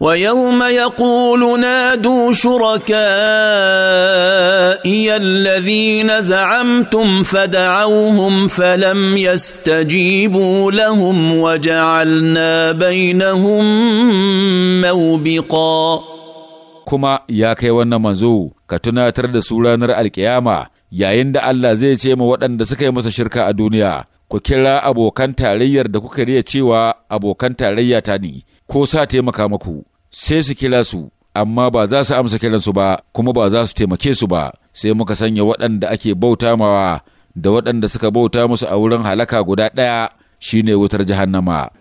ويوم يقول نادوا شركائي الذين زعمتم فدعوهم فلم يستجيبوا لهم وجعلنا بينهم موبقا kuma ya kai wannan manzo ka tunatar da su ranar alkiyama yayin da Allah zai ce ma waɗanda suka yi masa shirka a duniya ku kira abokan tarayyar da kuka riya cewa abokan tarayya ta ne ko sa taimaka maku sai su kira su amma ba za su amsa kiransu ba kuma ba za su taimake su ba sai muka sanya waɗanda ake bauta mawa da waɗanda suka bauta musu a wurin halaka guda ɗaya shine wutar jahannama.